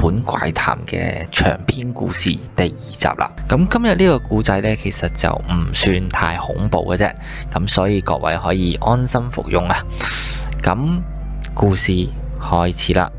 本怪談嘅長篇故事第二集啦，咁今日呢個故仔呢，其實就唔算太恐怖嘅啫，咁所以各位可以安心服用啊，咁故事開始啦。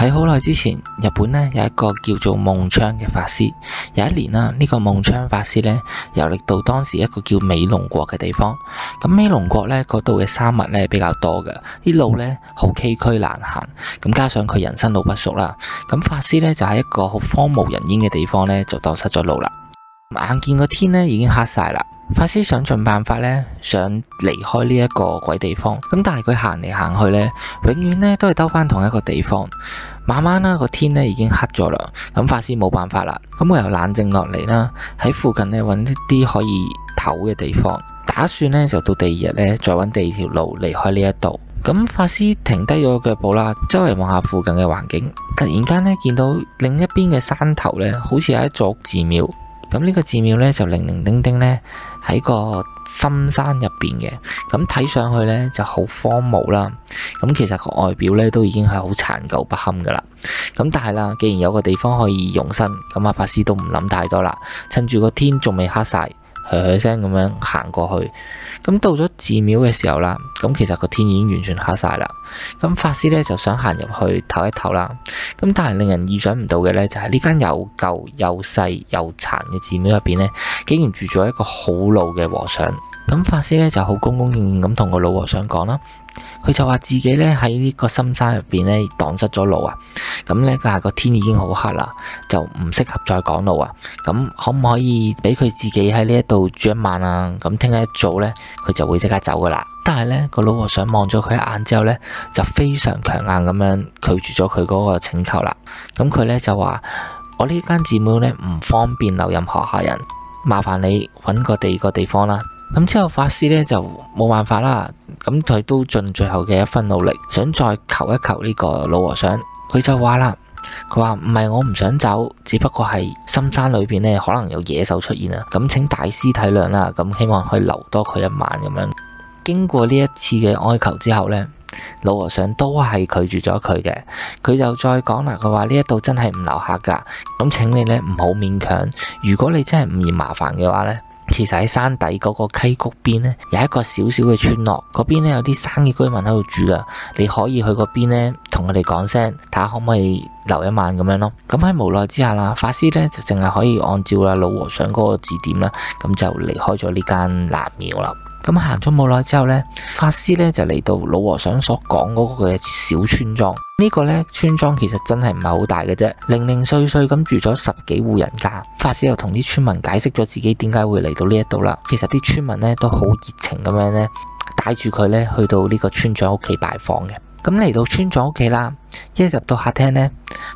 喺好耐之前，日本咧有一個叫做夢窗嘅法師。有一年啦，呢、這個夢窗法師咧遊歷到當時一個叫美龍國嘅地方。咁美龍國咧嗰度，嘅山脈咧比較多嘅，啲路咧好崎嶇難行。咁加上佢人生路不熟啦，咁法師咧就喺一個好荒無人煙嘅地方咧就蕩失咗路啦。眼見個天咧已經黑晒啦。法師想盡辦法咧，想離開呢一個鬼地方。咁但係佢行嚟行去咧，永遠咧都係兜翻同一個地方。慢慢啦，個天咧已經黑咗啦。咁法師冇辦法啦，咁我又冷靜落嚟啦，喺附近咧揾一啲可以唞嘅地方，打算咧就到第二日咧再揾第二條路離開呢一度。咁法師停低咗腳步啦，周圍望下附近嘅環境，突然間咧見到另一邊嘅山頭咧，好似係一座寺廟。咁呢個寺廟咧就零零丁丁咧。喺個深山入邊嘅，咁睇上去咧就好荒蕪啦。咁其實個外表咧都已經係好殘舊不堪噶啦。咁但係啦，既然有個地方可以容身，咁阿法師都唔諗太多啦。趁住個天仲未黑晒。噓噓聲咁樣行過去，咁到咗寺廟嘅時候啦，咁其實個天已經完全黑晒啦。咁法師咧就想行入去唞一唞啦。咁但係令人意想唔到嘅咧，就係呢間又舊又細又殘嘅寺廟入邊咧，竟然住咗一個好老嘅和尚。咁法師咧就好恭恭敬敬咁同個老和尚講啦。佢就話自己咧喺呢個深山入邊咧蕩失咗路啊，咁咧佢係個天已經好黑啦，就唔適合再趕路啊。咁可唔可以俾佢自己喺呢一度住一晚啊？咁聽日一早咧佢就會即刻走噶啦。但係咧個老和尚望咗佢一眼之後咧，就非常強硬咁樣拒絕咗佢嗰個請求啦。咁佢咧就話我呢間寺廟咧唔方便留任何客人，麻煩你搵個第二個地方啦。咁之後，法師咧就冇辦法啦。咁佢都盡最後嘅一分努力，想再求一求呢個老和尚。佢就話啦：佢話唔係我唔想走，只不過係深山裏邊咧，可能有野獸出現啊。咁請大師體諒啦。咁希望可以留多佢一晚咁樣。經過呢一次嘅哀求之後呢，老和尚都係拒絕咗佢嘅。佢就再講啦：佢話呢一度真係唔留客㗎。咁請你咧唔好勉強。如果你真係唔嫌麻煩嘅話呢。其實喺山底嗰個溪谷邊咧，有一個小小嘅村落，嗰邊咧有啲生嘅居民喺度住噶，你可以去嗰邊咧，同佢哋講聲，睇下可唔可以留一晚咁樣咯。咁喺無奈之下啦，法師咧就淨係可以按照啦老和尚嗰個指點啦，咁就離開咗呢間藍廟啦。咁行咗冇耐之後呢，法師呢就嚟到老和尚所講嗰個嘅小村莊。呢個呢，村莊其實真係唔係好大嘅啫，零零碎碎咁住咗十幾戶人家。法師又同啲村民解釋咗自己點解會嚟到呢一度啦。其實啲村民呢都好熱情咁樣呢，帶住佢呢去到呢個村長屋企拜訪嘅。咁嚟到村長屋企啦，一入到客廳呢。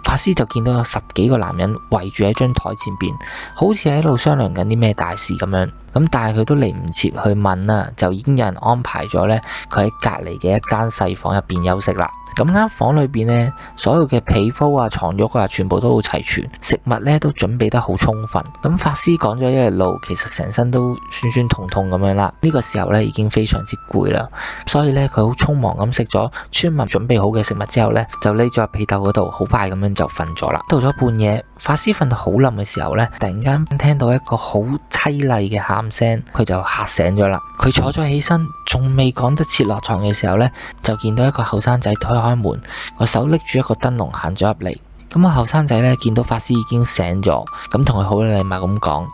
法師就見到有十幾個男人圍住喺張台前邊，好似喺度商量緊啲咩大事咁樣。咁但係佢都嚟唔切去問啦，就已經有人安排咗咧，佢喺隔籬嘅一間細房入邊休息啦。咁間房裏邊咧，所有嘅被鋪啊、床褥啊，全部都好齊全，食物咧都準備得好充分。咁法師講咗一日路，其實成身都酸酸痛痛咁樣啦。呢個時候咧已經非常之攰啦，所以咧佢好匆忙咁食咗村民準備好嘅食物之後咧，就匿咗喺被竇嗰度，好快咁樣。就瞓咗啦。到咗半夜，法師瞓到好冧嘅時候呢，突然間聽到一個好凄厲嘅喊聲，佢就嚇醒咗啦。佢坐咗起身，仲未趕得切落床嘅時候呢，就見到一個後生仔推開門，個手拎住一個燈籠行咗入嚟。咁啊，後生仔呢，見到法師已經醒咗，咁同佢好禮貌咁講：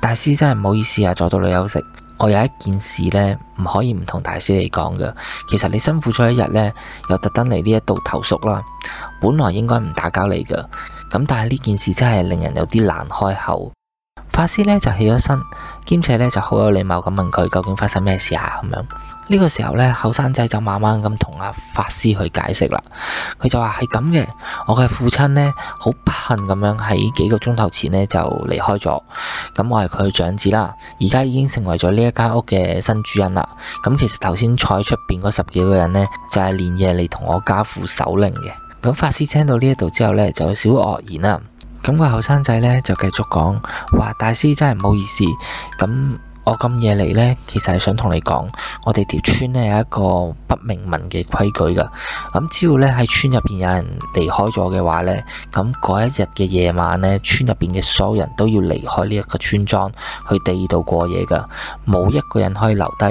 大師真係唔好意思啊，阻到你休息。我有一件事咧，唔可以唔同大師你講噶。其實你辛苦咗一日咧，又特登嚟呢一度投宿啦。本來應該唔打攪你噶，咁但係呢件事真係令人有啲難開口。法師咧就起咗身，兼且咧就好有禮貌咁問佢究竟發生咩事啊咁樣。是呢個時候呢，後生仔就慢慢咁同阿法師去解釋啦。佢就話係咁嘅，我嘅父親呢，好不幸咁樣喺幾個鐘頭前呢就離開咗。咁我係佢嘅長子啦，而家已經成為咗呢一間屋嘅新主人啦。咁其實頭先坐喺出邊嗰十幾個人呢，就係、是、連夜嚟同我家父守靈嘅。咁法師聽到呢一度之後呢，就有少少愕然啦。咁、那個後生仔呢，就繼續講話，大師真係唔好意思咁。我咁夜嚟呢，其實係想同你講，我哋條村呢有一個不明文嘅規矩噶。咁只要呢喺村入邊有人離開咗嘅話呢，咁嗰一日嘅夜晚呢，村入邊嘅所有人都要離開呢一個村莊去第二度過夜噶，冇一個人可以留低。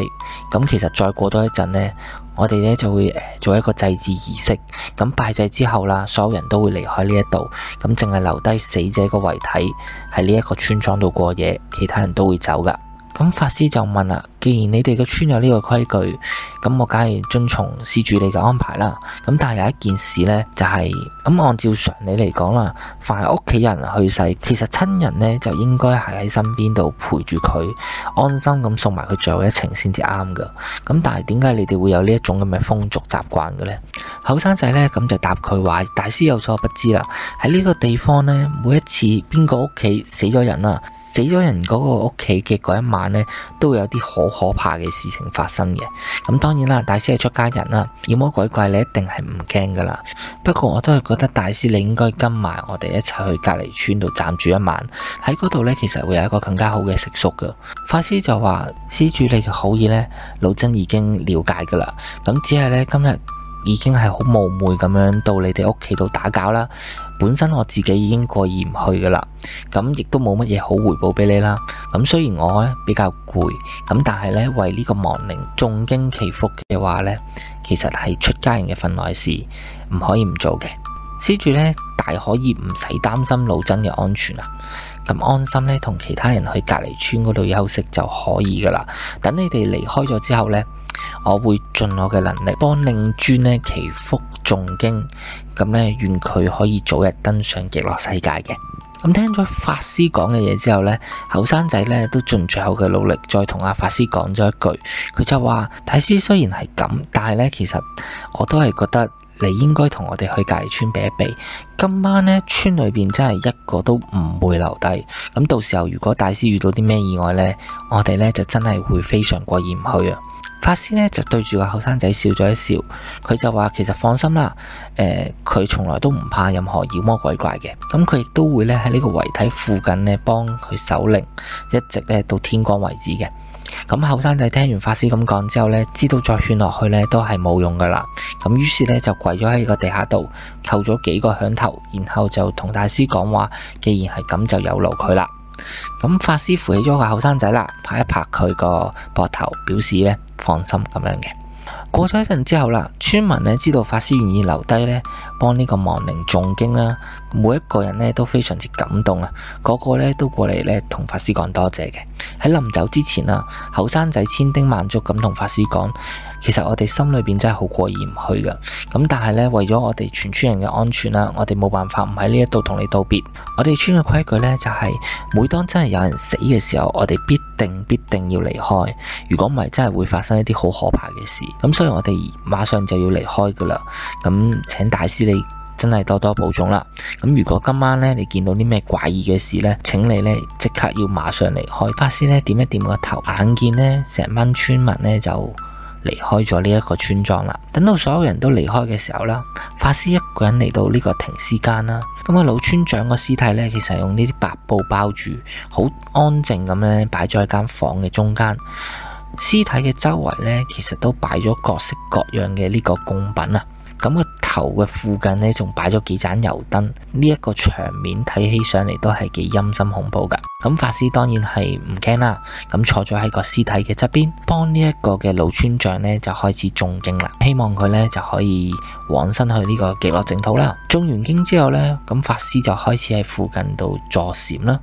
咁其實再過多一陣呢，我哋呢就會做一個祭祀儀式。咁拜祭之後啦，所有人都會離開呢一度，咁淨係留低死者個遺體喺呢一個村莊度過夜，其他人都會走噶。咁法師就問啦。既然你哋嘅村有呢個規矩，咁我梗係遵從施主你嘅安排啦。咁但係有一件事咧，就是，就係咁按照常理嚟講啦，凡係屋企人去世，其實親人咧就應該係喺身邊度陪住佢，安心咁送埋佢最後一程先至啱噶。咁但係點解你哋會有呢一種咁嘅風俗習慣嘅咧？後生仔咧咁就答佢話，大師有所不知啦，喺呢個地方咧，每一次邊個屋企死咗人啊，死咗人嗰個屋企嘅嗰一晚咧，都會有啲可好可怕嘅事情發生嘅，咁當然啦，大師係出家人啦，妖魔鬼怪你一定係唔驚噶啦。不過我都係覺得大師你應該跟埋我哋一齊去隔離村度暫住一晚，喺嗰度呢，其實會有一個更加好嘅食宿噶。法師就話：，施主你嘅好意呢，老僧已經了解噶啦，咁只係呢，今日已經係好冒昧咁樣到你哋屋企度打攪啦。本身我自己已經過意唔去嘅啦，咁亦都冇乜嘢好回報俾你啦。咁雖然我咧比較攰，咁但係咧為呢個亡靈誦經祈福嘅話咧，其實係出家人嘅份內事，唔可以唔做嘅。施主咧大可以唔使擔心老僧嘅安全呀，咁安心咧同其他人去隔離村嗰度休息就可以噶啦。等你哋離開咗之後咧。我會盡我嘅能力幫令尊咧祈福誦經，咁咧願佢可以早日登上極樂世界嘅。咁聽咗法師講嘅嘢之後咧，後生仔咧都盡最後嘅努力，再同阿法師講咗一句，佢就話：大師雖然係咁，但係咧其實我都係覺得。你應該同我哋去隔離村避一避。今晚呢，村裏邊真係一個都唔會留低。咁到時候如果大師遇到啲咩意外呢，我哋呢就真係會非常過意唔去啊！法師呢就對住個後生仔笑咗一笑，佢就話：其實放心啦，誒、呃，佢從來都唔怕任何妖魔鬼怪嘅。咁佢亦都會咧喺呢個遺體附近呢幫佢守靈，一直咧到天光為止嘅。咁後生仔聽完法師咁講之後呢，知道再勸落去呢都係冇用噶啦，咁於是呢，就跪咗喺個地下度，叩咗幾個響頭，然後就同大師講話，既然係咁，就有勞佢啦。咁法師扶起咗個後生仔啦，拍一拍佢個膊頭，表示呢放心咁樣嘅。過咗一陣之後啦，村民咧，知道法師願意留低咧，幫呢個亡靈誦經啦，每一個人咧都非常之感動啊！個個咧都過嚟咧同法師講多謝嘅。喺臨走之前啊，後生仔千叮萬囑咁同法師講。其實我哋心裏邊真係好過意唔去噶，咁但係呢，為咗我哋全村人嘅安全啦，我哋冇辦法唔喺呢一度同你道別。我哋村嘅規矩呢，就係，每當真係有人死嘅時候，我哋必定必定要離開。如果唔係，真係會發生一啲好可怕嘅事。咁所以我哋馬上就要離開噶啦。咁請大師你真係多多保重啦。咁如果今晚呢，你見到啲咩怪異嘅事呢，請你呢即刻要馬上離開。法師呢點一點個頭，眼見呢，成班村民呢就。離開咗呢一個村莊啦，等到所有人都離開嘅時候啦，法師一個人嚟到呢個停屍間啦。咁啊，老村長個屍體咧，其實係用呢啲白布包住，好安靜咁咧，擺咗喺間房嘅中間。屍體嘅周圍咧，其實都擺咗各式各樣嘅呢個供品啊。咁個頭嘅附近呢，仲擺咗幾盞油燈，呢一個場面睇起上嚟都係幾陰森恐怖噶。咁法師當然係唔驚啦，咁坐咗喺個屍體嘅側邊，幫呢一個嘅老村長呢，就開始誦經啦，希望佢呢，就可以往生去呢個極樂淨土啦。誦完經之後呢，咁法師就開始喺附近度坐禪啦，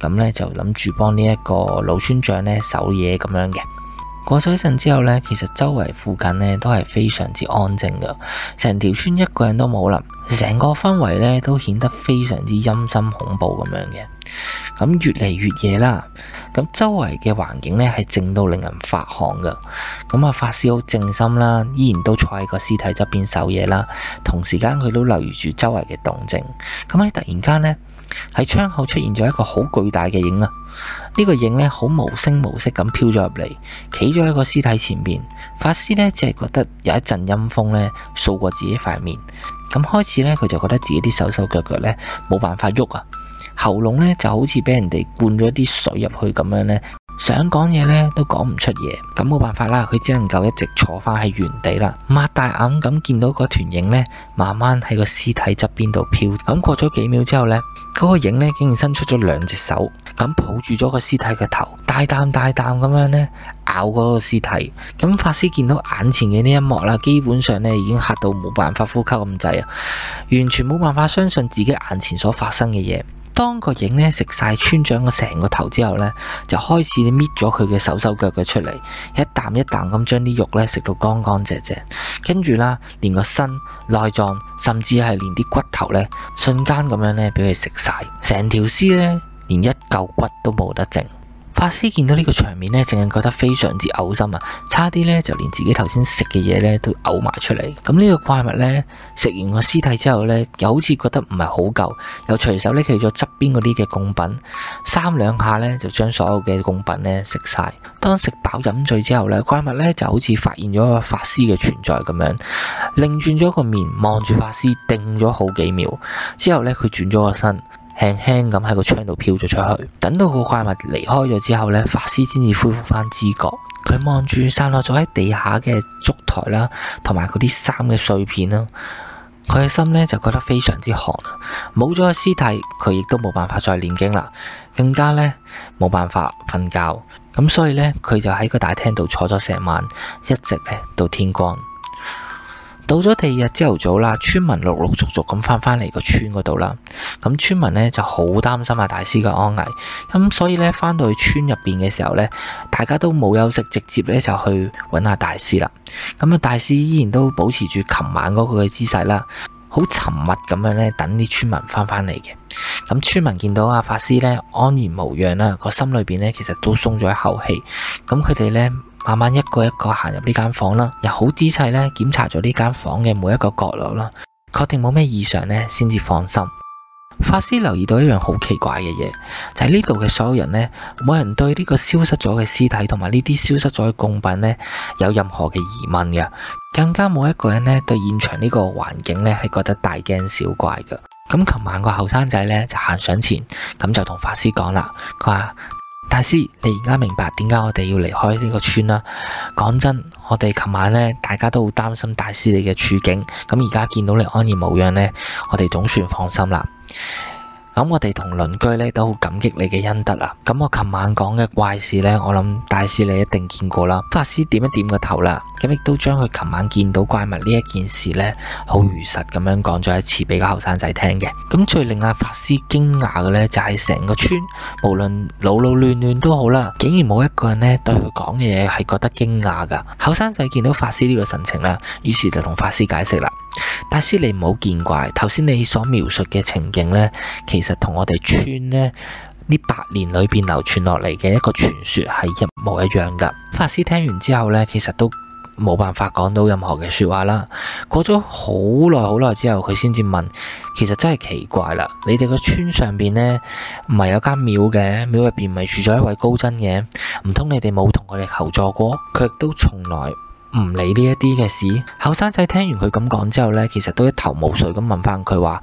咁呢，就諗住幫呢一個老村長呢，守夜咁樣嘅。過咗一陣之後呢，其實周圍附近呢都係非常之安靜嘅，成條村一個人都冇啦，成個氛圍呢都顯得非常之陰森恐怖咁樣嘅。咁越嚟越夜啦，咁周圍嘅環境呢係靜到令人發汗噶。咁啊，法師好靜心啦，依然都坐喺個屍體側邊守夜啦，同時間佢都留意住周圍嘅動靜。咁喺突然間呢。喺窗口出現咗一個好巨大嘅影啊！呢個影咧好無聲無息咁飄咗入嚟，企咗喺個屍體前面。法師咧只係覺得有一陣陰風咧掃過自己塊面，咁開始咧佢就覺得自己啲手手腳腳咧冇辦法喐啊，喉嚨咧就好似俾人哋灌咗啲水入去咁樣咧。想講嘢呢都講唔出嘢，咁冇辦法啦，佢只能夠一直坐翻喺原地啦，擘大眼咁見到個團影呢，慢慢喺個屍體側邊度飄。咁過咗幾秒之後呢，嗰個影呢竟然伸出咗兩隻手，咁抱住咗個屍體嘅頭，大啖大啖咁樣呢咬嗰個屍體。咁法師見到眼前嘅呢一幕啦，基本上呢已經嚇到冇辦法呼吸咁滯啊，完全冇辦法相信自己眼前所發生嘅嘢。當個影咧食晒村長嘅成個頭之後呢就開始搣咗佢嘅手手腳腳出嚟，一啖一啖咁將啲肉咧食到乾乾淨淨，跟住啦，連個身內臟，甚至係連啲骨頭呢瞬間咁樣咧俾佢食晒，成條屍呢，連一嚿骨都冇得剩。法師見到呢個場面咧，淨係覺得非常之嘔心啊！差啲咧就連自己頭先食嘅嘢，咧都嘔埋出嚟。咁呢個怪物咧食完個屍體之後咧，又好似覺得唔係好夠，又隨手拎起咗側邊嗰啲嘅供品，三兩下咧就將所有嘅供品咧食晒。當食飽飲醉之後咧，怪物咧就好似發現咗個法師嘅存在咁樣，擰轉咗個面望住法師，定咗好幾秒之後咧，佢轉咗個身。輕輕咁喺個窗度飄咗出去，等到個怪物離開咗之後呢，法師先至恢復翻知覺。佢望住散落咗喺地下嘅燭台啦，同埋嗰啲衫嘅碎片啦，佢嘅心呢，就覺得非常之寒。冇咗個屍體，佢亦都冇辦法再念經啦，更加呢，冇辦法瞓覺。咁所以呢，佢就喺個大廳度坐咗成晚，一直呢，到天光。到咗第二日朝頭早啦，村民陸陸續續咁翻返嚟個村嗰度啦。咁村民咧就好擔心啊大師嘅安危，咁所以咧翻到去村入邊嘅時候咧，大家都冇休息，直接咧就去揾下大師啦。咁啊，大師依然都保持住琴晚嗰個嘅姿勢啦，好沉默咁樣咧等啲村民翻返嚟嘅。咁村民見到阿法師咧安然無恙啦，個心裏邊咧其實都鬆咗一口氣。咁佢哋咧。慢慢一個一個行入呢間房啦，又好仔細咧檢查咗呢間房嘅每一個角落啦，確定冇咩異常咧，先至放心。法師留意到一樣好奇怪嘅嘢，就係呢度嘅所有人咧，冇人對呢個消失咗嘅屍體同埋呢啲消失咗嘅供品咧有任何嘅疑問嘅，更加冇一個人咧對現場呢個環境咧係覺得大驚小怪嘅。咁琴晚個後生仔咧就行上前，咁就同法師講啦，佢話。大師，你而家明白點解我哋要離開呢個村啦？講真，我哋琴晚呢，大家都好擔心大師你嘅處境。咁而家見到你安然無恙呢，我哋總算放心啦。咁我哋同鄰居咧都好感激你嘅恩德啊！咁我琴晚講嘅怪事呢，我諗大師你一定見過啦。法師點一點個頭啦，咁亦都將佢琴晚見到怪物呢一件事呢，好如實咁樣講咗一次俾個後生仔聽嘅。咁最令阿法師驚訝嘅呢，就係成個村無論老老嫩嫩都好啦，竟然冇一個人呢對佢講嘅嘢係覺得驚訝噶。後生仔見到法師呢個神情啦，於是就同法師解釋啦。法師，你唔好見怪。頭先你所描述嘅情景呢，其實同我哋村呢呢百年裏邊流傳落嚟嘅一個傳說係一模一樣噶。法師聽完之後呢，其實都冇辦法講到任何嘅說話啦。過咗好耐好耐之後，佢先至問：其實真係奇怪啦，你哋個村上邊呢，唔係有間廟嘅，廟入邊唔係住咗一位高僧嘅，唔通你哋冇同佢哋求助過，佢亦都從來。唔理呢一啲嘅事，後生仔聽完佢咁講之後呢，其實都一頭霧水咁問翻佢話：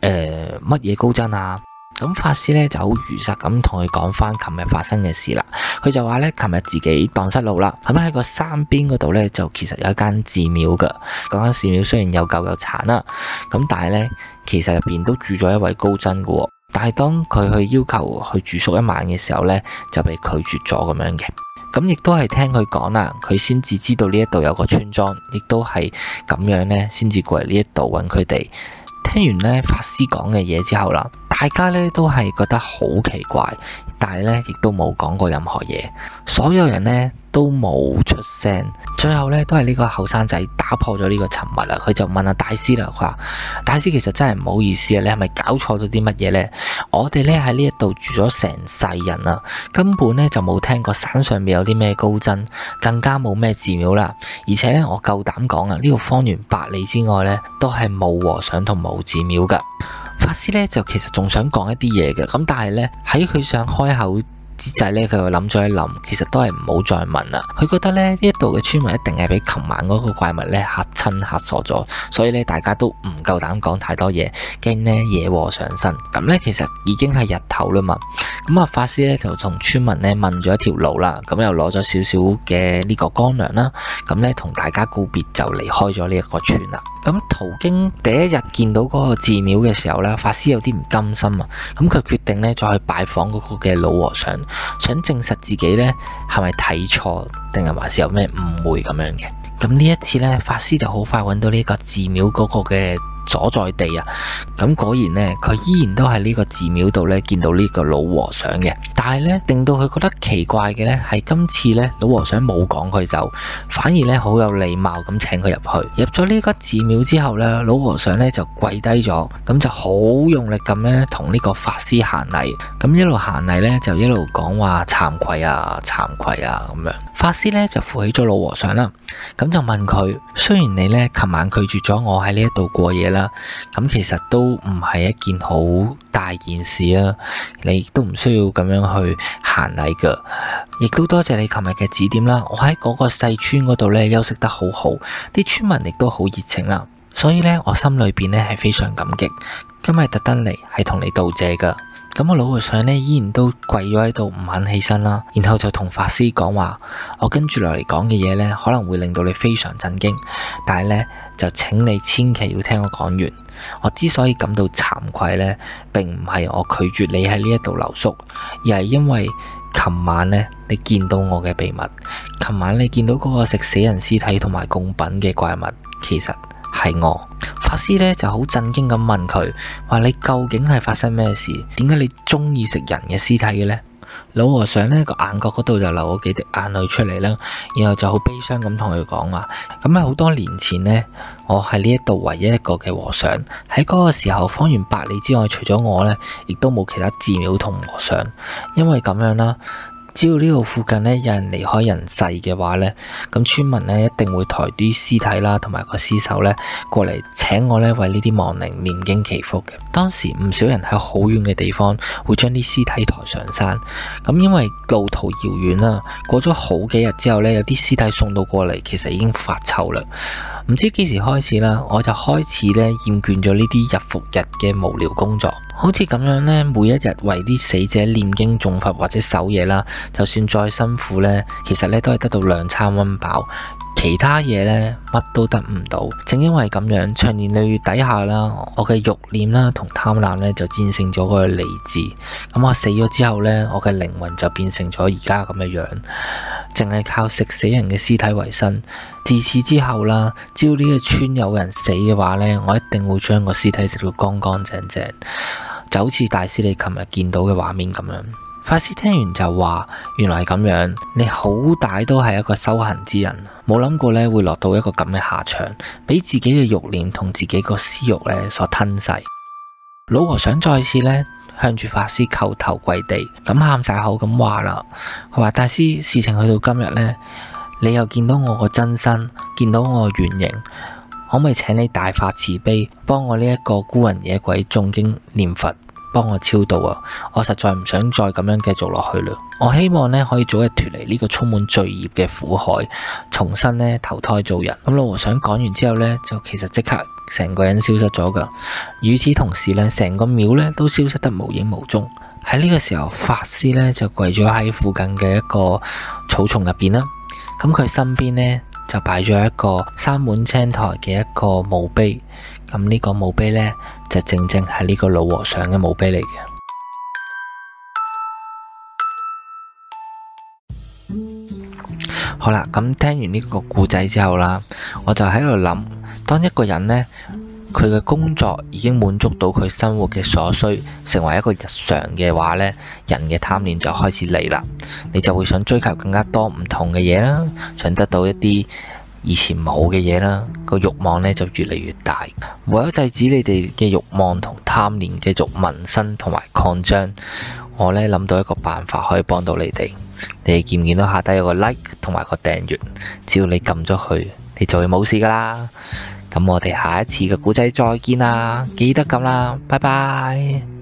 誒乜嘢高僧啊？咁法師呢就好如實咁同佢講翻琴日發生嘅事啦。佢就話呢，琴日自己蕩失路啦，咁喺個山邊嗰度呢，就其實有一間寺廟嘅。嗰間寺廟雖然有舊有殘啦，咁但係呢，其實入邊都住咗一位高僧嘅。但係當佢去要求去住宿一晚嘅時候呢，就被拒絕咗咁樣嘅。咁亦都係聽佢講啦，佢先至知道呢一度有個村莊，亦都係咁樣呢，先至過嚟呢一度搵佢哋。聽完呢，法師講嘅嘢之後啦，大家呢都係覺得好奇怪。但係咧，亦都冇講過任何嘢，所有人咧都冇出聲。最後咧，都係呢個後生仔打破咗呢個沉默啦！佢就問阿大師啦，佢話：大師其實真係唔好意思啊，你係咪搞錯咗啲乜嘢呢？我哋咧喺呢一度住咗成世人啊，根本咧就冇聽過山上面有啲咩高僧，更加冇咩寺廟啦。而且咧，我夠膽講啊，呢、呢個方圓百里之外咧，都係冇和尚同冇寺廟噶。法師咧就其實仲想講一啲嘢嘅，咁但係呢，喺佢想開口之際呢，佢又諗咗一諗，其實都係唔好再問啦。佢覺得咧呢一度嘅村民一定係俾琴晚嗰個怪物呢嚇親嚇傻咗，所以呢大家都唔夠膽講太多嘢，驚呢惹禍上身。咁呢其實已經係日頭啦嘛，咁啊法師呢就同村民呢問咗一條路啦，咁又攞咗少少嘅呢個乾糧啦，咁呢同大家告別就離開咗呢一個村啦。咁途經第一日見到嗰個寺廟嘅時候咧，法師有啲唔甘心啊！咁佢決定咧再去拜訪嗰個嘅老和尚，想證實自己咧係咪睇錯，定係還是有咩誤會咁樣嘅。咁呢一次咧，法師就好快揾到呢個寺廟嗰個嘅所在地啊，咁果然咧，佢依然都喺呢個寺廟度咧見到呢個老和尚嘅。但係咧，令到佢覺得奇怪嘅咧，係今次咧，老和尚冇趕佢走，反而咧好有禮貌咁請佢入去。入咗呢個寺廟之後咧，老和尚咧就跪低咗，咁就好用力咁咧同呢個法師行禮，咁一路行禮咧就一路講話慚愧啊慚愧啊咁樣。法師咧就扶起咗老和尚啦，咁就問佢：雖然你咧琴晚拒絕咗我喺呢一度過夜。咁其實都唔係一件好大件事啦，你都唔需要咁樣去行禮噶，亦都多謝你琴日嘅指點啦。我喺嗰個細村嗰度咧休息得好好，啲村民亦都好熱情啦。所以咧，我心裏邊咧係非常感激，今日特登嚟係同你道謝噶。咁我老和尚呢依然都跪咗喺度，唔肯起身啦。然後就同法師講話，我跟住落嚟講嘅嘢呢，可能會令到你非常震驚，但係呢，就請你千祈要聽我講完。我之所以感到慚愧呢，並唔係我拒絕你喺呢一度留宿，而係因為琴晚呢，你見到我嘅秘密，琴晚你見到嗰個食死人屍體同埋貢品嘅怪物，其實。係我法師咧就好震驚咁問佢：話你究竟係發生咩事？點解你中意食人嘅屍體嘅咧？老和尚咧個眼角嗰度就流咗幾滴眼淚出嚟啦，然後就好悲傷咁同佢講話。咁喺好多年前呢，我係呢一度唯一一個嘅和尚。喺嗰個時候，方圓百里之外，除咗我呢，亦都冇其他寺廟同和,和尚，因為咁樣啦。只要呢度附近咧有人離開人世嘅話呢，咁村民咧一定會抬啲屍體啦，同埋個屍首呢過嚟，請我呢，為呢啲亡靈念經祈福嘅。當時唔少人喺好遠嘅地方會將啲屍體抬上山，咁因為路途遙遠啦，過咗好幾日之後呢，有啲屍體送到過嚟，其實已經發臭啦。唔知幾時開始啦，我就開始咧厭倦咗呢啲日復日嘅無聊工作，好似咁樣咧，每一日為啲死者念經重佛或者守夜啦，就算再辛苦咧，其實咧都係得到兩餐溫飽。其他嘢呢，乜都得唔到。正因為咁樣，長年累月底下啦，我嘅欲念啦同貪婪呢，就戰勝咗個理智。咁我死咗之後呢，我嘅靈魂就變成咗而家咁嘅樣，淨係靠食死人嘅屍體為生。自此之後啦，只要呢個村有人死嘅話呢，我一定會將個屍體食到乾乾淨淨，就好似大師你琴日見到嘅畫面咁樣。法師聽完就話：原來係咁樣，你好歹都係一個修行之人，冇諗過咧會落到一個咁嘅下場，俾自己嘅欲念同自己個私欲咧所吞噬。老和尚再次咧向住法師叩頭跪地，咁喊晒口咁話啦：佢話大師，事情去到今日呢，你又見到我個真身，見到我個原形，可唔可以請你大發慈悲，幫我呢一個孤魂野鬼誦經念佛？幫我超度啊！我實在唔想再咁樣繼續落去啦。我希望咧可以早日脫離呢個充滿罪孽嘅苦海，重新咧投胎做人。咁老和尚講完之後咧，就其實即刻成個人消失咗㗎。與此同時咧，成個廟咧都消失得無影無蹤。喺呢個時候，法師咧就跪咗喺附近嘅一個草叢入邊啦。咁佢身邊咧就擺咗一個三滿青苔嘅一個墓碑。咁呢個墓碑呢，就正正係呢個老和尚嘅墓碑嚟嘅。 好啦，咁聽完呢個故仔之後啦，我就喺度諗，當一個人呢，佢嘅工作已經滿足到佢生活嘅所需，成為一個日常嘅話呢，人嘅貪念就開始嚟啦，你就會想追求更加多唔同嘅嘢啦，想得到一啲。以前冇嘅嘢啦，個欲望呢就越嚟越大，為咗制止你哋嘅欲望同貪念繼續萌生同埋擴張，我呢諗到一個辦法可以幫到你哋，你見唔見到下底有個 like 同埋個訂閱，只要你撳咗去，你就會冇事噶啦。咁我哋下一次嘅古仔再見啦，記得咁啦，拜拜。